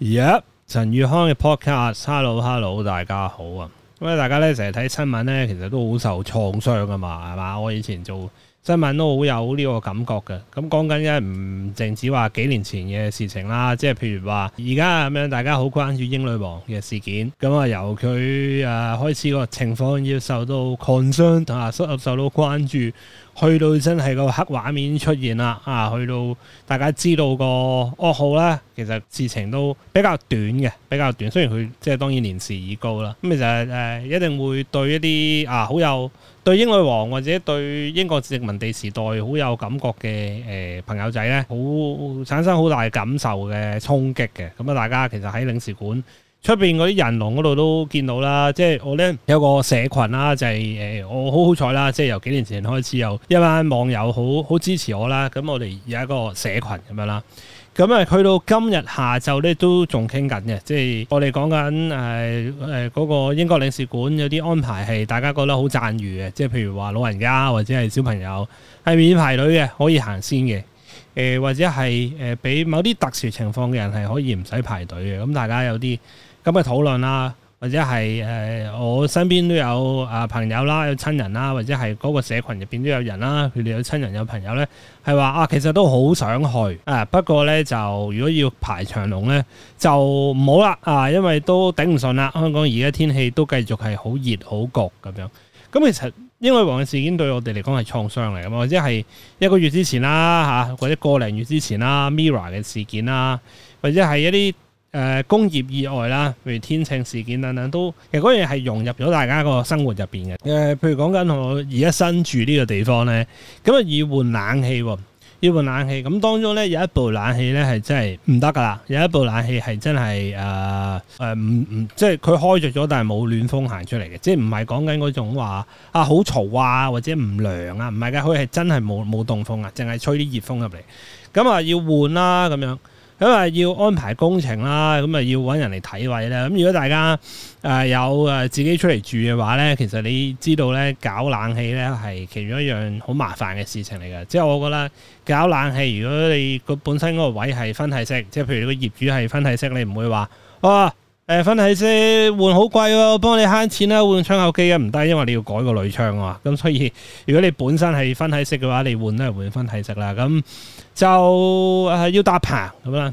耶！Yeah, 陳宇康嘅 podcast，hello hello，大家好啊！咁大家咧成日睇新聞咧，其實都好受創傷噶嘛，係嘛？我以前做新聞都好有呢個感覺嘅。咁講緊一唔淨止話幾年前嘅事情啦，即係譬如話而家咁樣，大家好關注英女王嘅事件，咁啊由佢誒開始個情況要受到 concern 同啊收入受到關注。去到真係個黑畫面出現啦！啊，去到大家知道個噩耗咧，其實事情都比較短嘅，比較短。雖然佢即係當然年事已高啦，咁咪就係、呃、一定會對一啲啊好有對英女王或者對英國殖民地時代好有感覺嘅誒、呃、朋友仔呢，好產生好大感受嘅衝擊嘅。咁啊，大家其實喺領事館。出邊嗰啲人龍嗰度都見到啦，即係我呢，有個社群啦，就係誒我好好彩啦，即係由幾年前開始有一班網友好好支持我啦，咁我哋有一個社群咁樣啦，咁啊去到今日下晝呢，都仲傾緊嘅，即係我哋講緊誒誒嗰個英國領事館有啲安排係大家覺得好讚譽嘅，即係譬如話老人家或者係小朋友係免排隊嘅，可以行先嘅。誒、呃、或者係誒俾某啲特殊情況嘅人係可以唔使排隊嘅，咁、嗯、大家有啲咁嘅討論啦，或者係誒我身邊都有啊朋友啦，有親人啦，或者係嗰個社群入邊都有人啦，佢哋有親人有朋友咧，係話啊其實都好想去啊，不過咧就如果要排長龍咧就唔好啦啊，因為都頂唔順啦，香港而家天氣都繼續係好熱好焗咁樣，咁、嗯、其實。因為英女王嘅事件對我哋嚟講係創傷嚟㗎嘛，或者係一個月之前啦嚇，或者個零月之前啦 MIRROR 嘅事件啦，或者係一啲誒工業意外啦，譬如天晴事件等等都，其實嗰樣嘢係融入咗大家個生活入邊嘅。誒、呃，譬如講緊我而家新住呢個地方咧，咁啊以換冷氣。要換冷氣，咁當中咧有一部冷氣咧係真係唔得噶啦，有一部冷氣係真係誒誒唔唔，即係佢開着咗但係冇暖風行出嚟嘅，即係唔係講緊嗰種話啊好嘈啊或者唔涼啊，唔係噶，佢係真係冇冇凍風啊，淨係吹啲熱風入嚟，咁啊要換啦咁樣。咁啊，要安排工程啦，咁啊要揾人嚟睇位啦。咁如果大家誒、呃、有誒自己出嚟住嘅話呢，其實你知道呢，搞冷氣呢係其中一樣好麻煩嘅事情嚟嘅。即係我覺得搞冷氣，如果你個本身嗰個位係分體式，即係譬如你個業主係分體式，你唔會話啊。誒、呃，分體式換好貴喎，幫你慳錢啦。換窗口機啊，唔得，啊啊，因為你要改個鋁窗啊。咁所以，如果你本身係分體式嘅話，你換都係換分體式啦。咁就係要搭棚咁啦，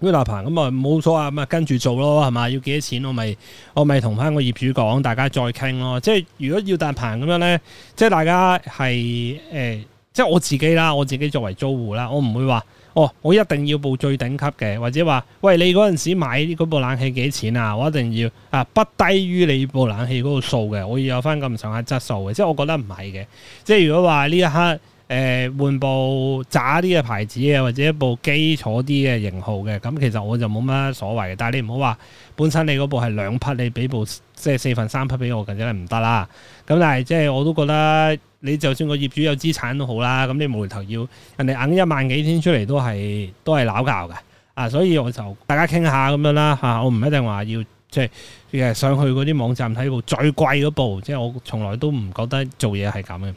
要搭棚咁啊冇所謂，咁啊跟住做咯，係嘛？要幾多錢我咪我咪同翻個業主講，大家再傾咯。即係如果要搭棚咁樣咧，即係大家係誒、呃，即係我自己啦，我自己作為租戶啦，我唔會話。哦，我一定要一部最頂級嘅，或者話，喂，你嗰陣時買嗰部冷氣幾錢啊？我一定要啊，不低於你部冷氣嗰個數嘅，我要有翻咁上下質素嘅。即係我覺得唔係嘅，即係如果話呢一刻誒、呃、換部渣啲嘅牌子嘅，或者一部基礎啲嘅型號嘅，咁其實我就冇乜所謂嘅。但係你唔好話本身你嗰部係兩匹，你俾部即係四分三匹俾我，咁真係唔得啦。咁但係即係我都覺得。你就算個業主有資產都好啦，咁你無厘頭要人哋硬一萬幾千出嚟都係都係鬧交嘅啊！所以我就大家傾下咁樣啦嚇、啊，我唔一定話要即係、就是、上去嗰啲網站睇部最貴嗰部，即、就、係、是、我從來都唔覺得做嘢係咁嘅。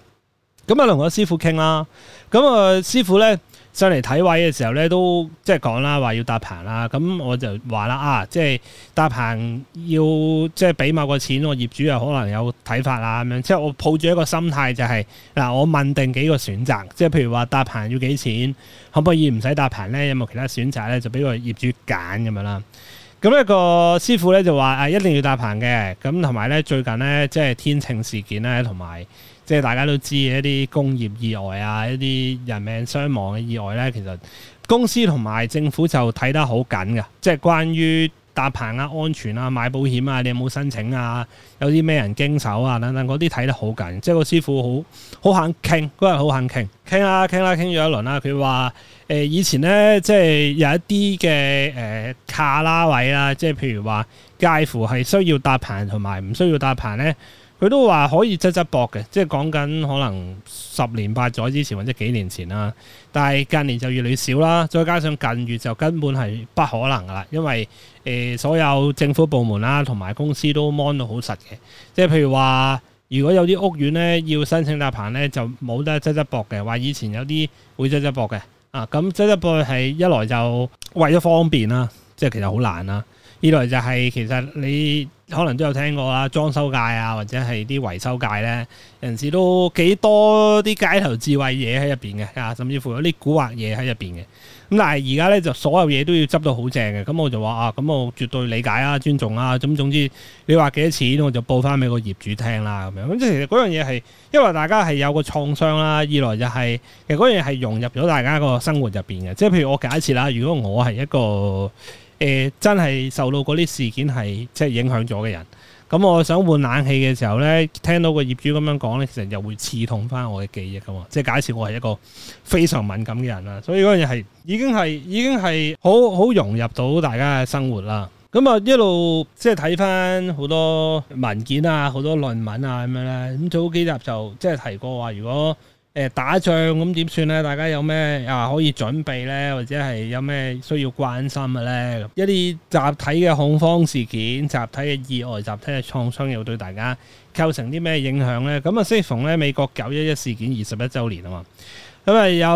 咁啊、嗯，同我師傅傾啦。咁啊、呃，師傅呢，上嚟睇位嘅時候咧，都即係講啦，話要搭棚啦。咁我就話啦啊，即係搭棚要即係俾某個錢，我業主又可能有睇法啊咁樣。即係我抱住一個心態就係，嗱，我問定幾個選擇，即係譬如話搭棚要幾錢，可唔可以唔使搭棚咧？有冇其他選擇咧？就俾個業主揀咁樣啦。咁一個師傅咧就話：誒、啊、一定要搭棚嘅。咁同埋咧，最近咧即係天秤事件咧，同埋即係大家都知一啲工業意外啊，一啲人命傷亡嘅意外咧，其實公司同埋政府就睇得好緊嘅，即係關於。搭棚啊，安全啊，買保險啊，你有冇申請啊？有啲咩人經手啊？等等嗰啲睇得好緊，即係個師傅好好肯傾，嗰日好肯傾傾啦傾啦傾咗一輪啦。佢話，誒以前咧，即係有一啲嘅誒卡拉位啦，即係譬如話介乎係需要搭棚同埋唔需要搭棚咧。佢都話可以擠擠駁嘅，即係講緊可能十年八載之前或者幾年前啦，但係近年就越嚟越少啦，再加上近月就根本係不可能㗎啦，因為誒、呃、所有政府部門啦同埋公司都 mon 到好實嘅，即係譬如話如果有啲屋苑呢，要申請搭棚呢，就冇得擠擠駁嘅，話以前有啲會擠擠駁嘅啊，咁擠擠駁係一來就為咗方便啦，即係其實好難啦、啊。二來就係、是、其實你可能都有聽過啦，裝修界啊或者係啲維修界咧，人士都幾多啲街頭智慧嘢喺入邊嘅啊，甚至乎有啲古惑嘢喺入邊嘅。咁但係而家咧就所有嘢都要執到好正嘅，咁我就話啊，咁我絕對理解啊，尊重啊，咁總之你話幾多錢，我就報翻俾個業主聽啦、啊，咁樣咁即係其實嗰樣嘢係，因為大家係有個創傷啦，二來就係、是、其實嗰樣嘢係融入咗大家個生活入邊嘅，即係譬如我假設啦，如果我係一個。誒、呃、真係受到嗰啲事件係即係影響咗嘅人，咁、嗯、我想換冷氣嘅時候呢，聽到個業主咁樣講呢，其實又會刺痛翻我嘅記憶噶喎，即係假設我係一個非常敏感嘅人啦。所以嗰樣嘢係已經係已經係好好融入到大家嘅生活啦。咁、嗯、啊、嗯、一路即係睇翻好多文件啊，好多論文啊咁樣呢。咁早幾集就即係提過話，如果打仗咁點算呢？大家有咩啊可以準備呢？或者係有咩需要關心嘅呢？一啲集體嘅恐慌事件、集體嘅意外、集體嘅創傷，又對大家構成啲咩影響呢？咁啊，適逢呢，美國九一一事件二十一週年啊嘛，咁啊有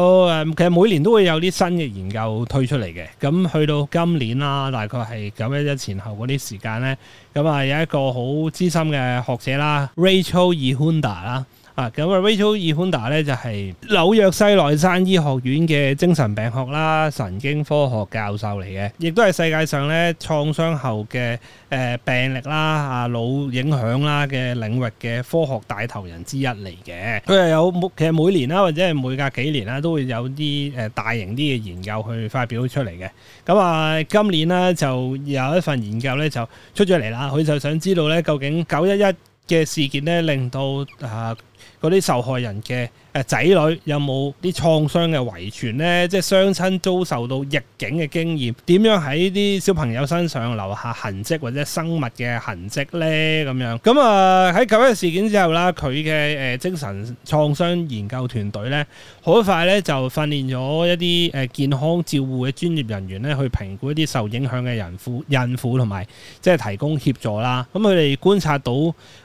誒，其實每年都會有啲新嘅研究推出嚟嘅。咁去到今年啦，大概係九一一前後嗰啲時間呢。咁啊有一個好資深嘅學者啦，Rachel Yehuda 啦。啊，咁啊，Rachel Yehuda 咧就係、是、紐約西奈山醫學院嘅精神病學啦、神經科學教授嚟嘅，亦都係世界上咧創傷後嘅誒、呃、病歷啦、啊腦影響啦嘅領域嘅科學帶頭人之一嚟嘅。佢又有每其實每年啦，或者係每隔幾年啦，都會有啲誒大型啲嘅研究去發表出嚟嘅。咁啊，今年呢，就有一份研究咧就出咗嚟啦，佢就想知道咧究竟九一一嘅事件咧令到啊～.嗰啲受害人嘅誒仔女有冇啲創傷嘅遺傳咧？即係雙親遭受到逆境嘅經驗點樣喺啲小朋友身上留下痕迹或者生物嘅痕迹咧？咁樣咁啊喺咁嘅事件之後啦，佢嘅誒精神創傷研究團隊咧，好快咧就訓練咗一啲誒健康照護嘅專業人員咧，去評估一啲受影響嘅人婦孕婦同埋即係提供協助啦。咁佢哋觀察到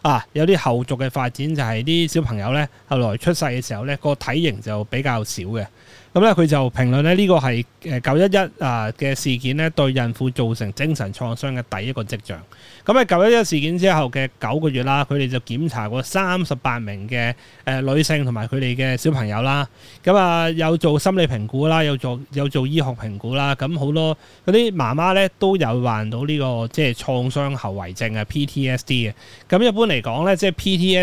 啊，有啲後續嘅發展就係啲小朋友。咧，後來出世嘅時候咧，個體型就比較少嘅。咁咧佢就評論呢，呢個係誒911啊嘅事件呢對孕婦造成精神創傷嘅第一個跡象。咁喺911事件之後嘅九個月啦，佢哋就檢查過三十八名嘅誒女性同埋佢哋嘅小朋友啦。咁啊有做心理評估啦，有做有做醫學評估啦。咁好多嗰啲媽媽呢，都有患到呢個即係創傷後遺症啊 PTSD 嘅。咁一般嚟講呢，即係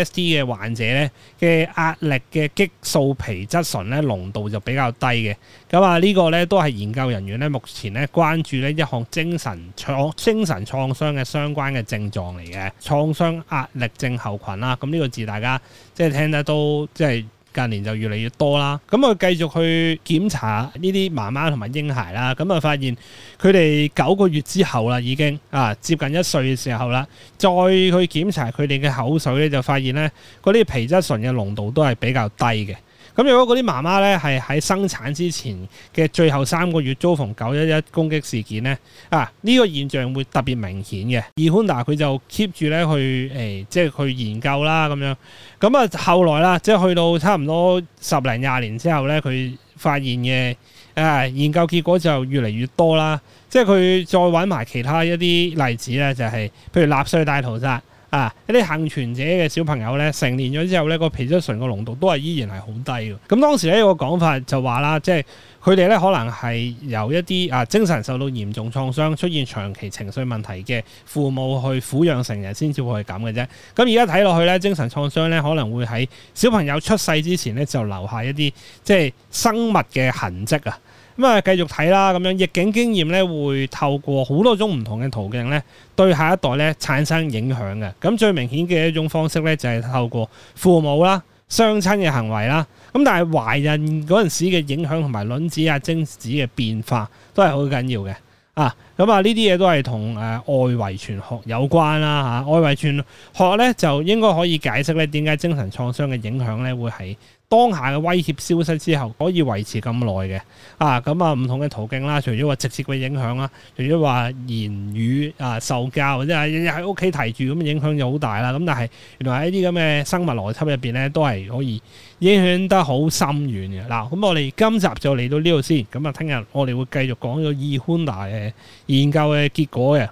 PTSD 嘅患者呢，嘅壓力嘅激素皮質醇呢，濃度就比較低嘅，咁啊呢個呢都係研究人員咧目前咧關注呢一項精神創精神創傷嘅相關嘅症狀嚟嘅，創傷壓力症候群啦。咁呢個字大家即係聽得都即係近年就越嚟越多啦。咁啊繼續去檢查呢啲媽媽同埋嬰孩啦，咁啊發現佢哋九個月之後啦，已經啊接近一歲嘅時候啦，再去檢查佢哋嘅口水呢，就發現呢嗰啲皮質醇嘅濃度都係比較低嘅。咁如果嗰啲媽媽咧係喺生產之前嘅最後三個月遭逢九一一攻擊事件咧，啊呢、這個現象會特別明顯嘅。Yehuda 佢就 keep 住咧去誒、呃，即係去研究啦咁樣。咁、嗯、啊後來啦，即係去到差唔多十零廿年之後咧，佢發現嘅啊研究結果就越嚟越多啦。即係佢再揾埋其他一啲例子咧，就係、是、譬如納粹大屠殺。啊！一啲幸存者嘅小朋友咧，成年咗之後咧，個皮質醇嘅濃度都係依然係好低嘅。咁當時咧有個講法就話啦，即係佢哋咧可能係由一啲啊精神受到嚴重創傷、出現長期情緒問題嘅父母去撫養成人，先至會係咁嘅啫。咁而家睇落去咧，精神創傷咧可能會喺小朋友出世之前咧就留下一啲即係生物嘅痕跡啊。咁啊，繼續睇啦，咁樣逆境經驗咧，會透過好多種唔同嘅途徑咧，對下一代咧產生影響嘅。咁最明顯嘅一種方式咧，就係透過父母啦、雙親嘅行為啦。咁但係懷孕嗰陣時嘅影響同埋卵子啊、精子嘅變化都係好緊要嘅。啊，咁啊，呢啲嘢都係同誒外遺傳學有關啦嚇、啊。外遺傳學咧，就應該可以解釋咧點解精神創傷嘅影響咧會係。當下嘅威脅消失之後，可以維持咁耐嘅啊，咁啊唔同嘅途徑啦，除咗話直接嘅影響啦，除咗話言語啊受教，或者係喺屋企提住咁影響就好大啦。咁但係原來喺啲咁嘅生物邏輯入邊咧，都係可以影響得好深遠嘅。嗱、啊，咁我哋今集就嚟到呢度先，咁啊聽日我哋會繼續講個易寬大嘅研究嘅結果嘅。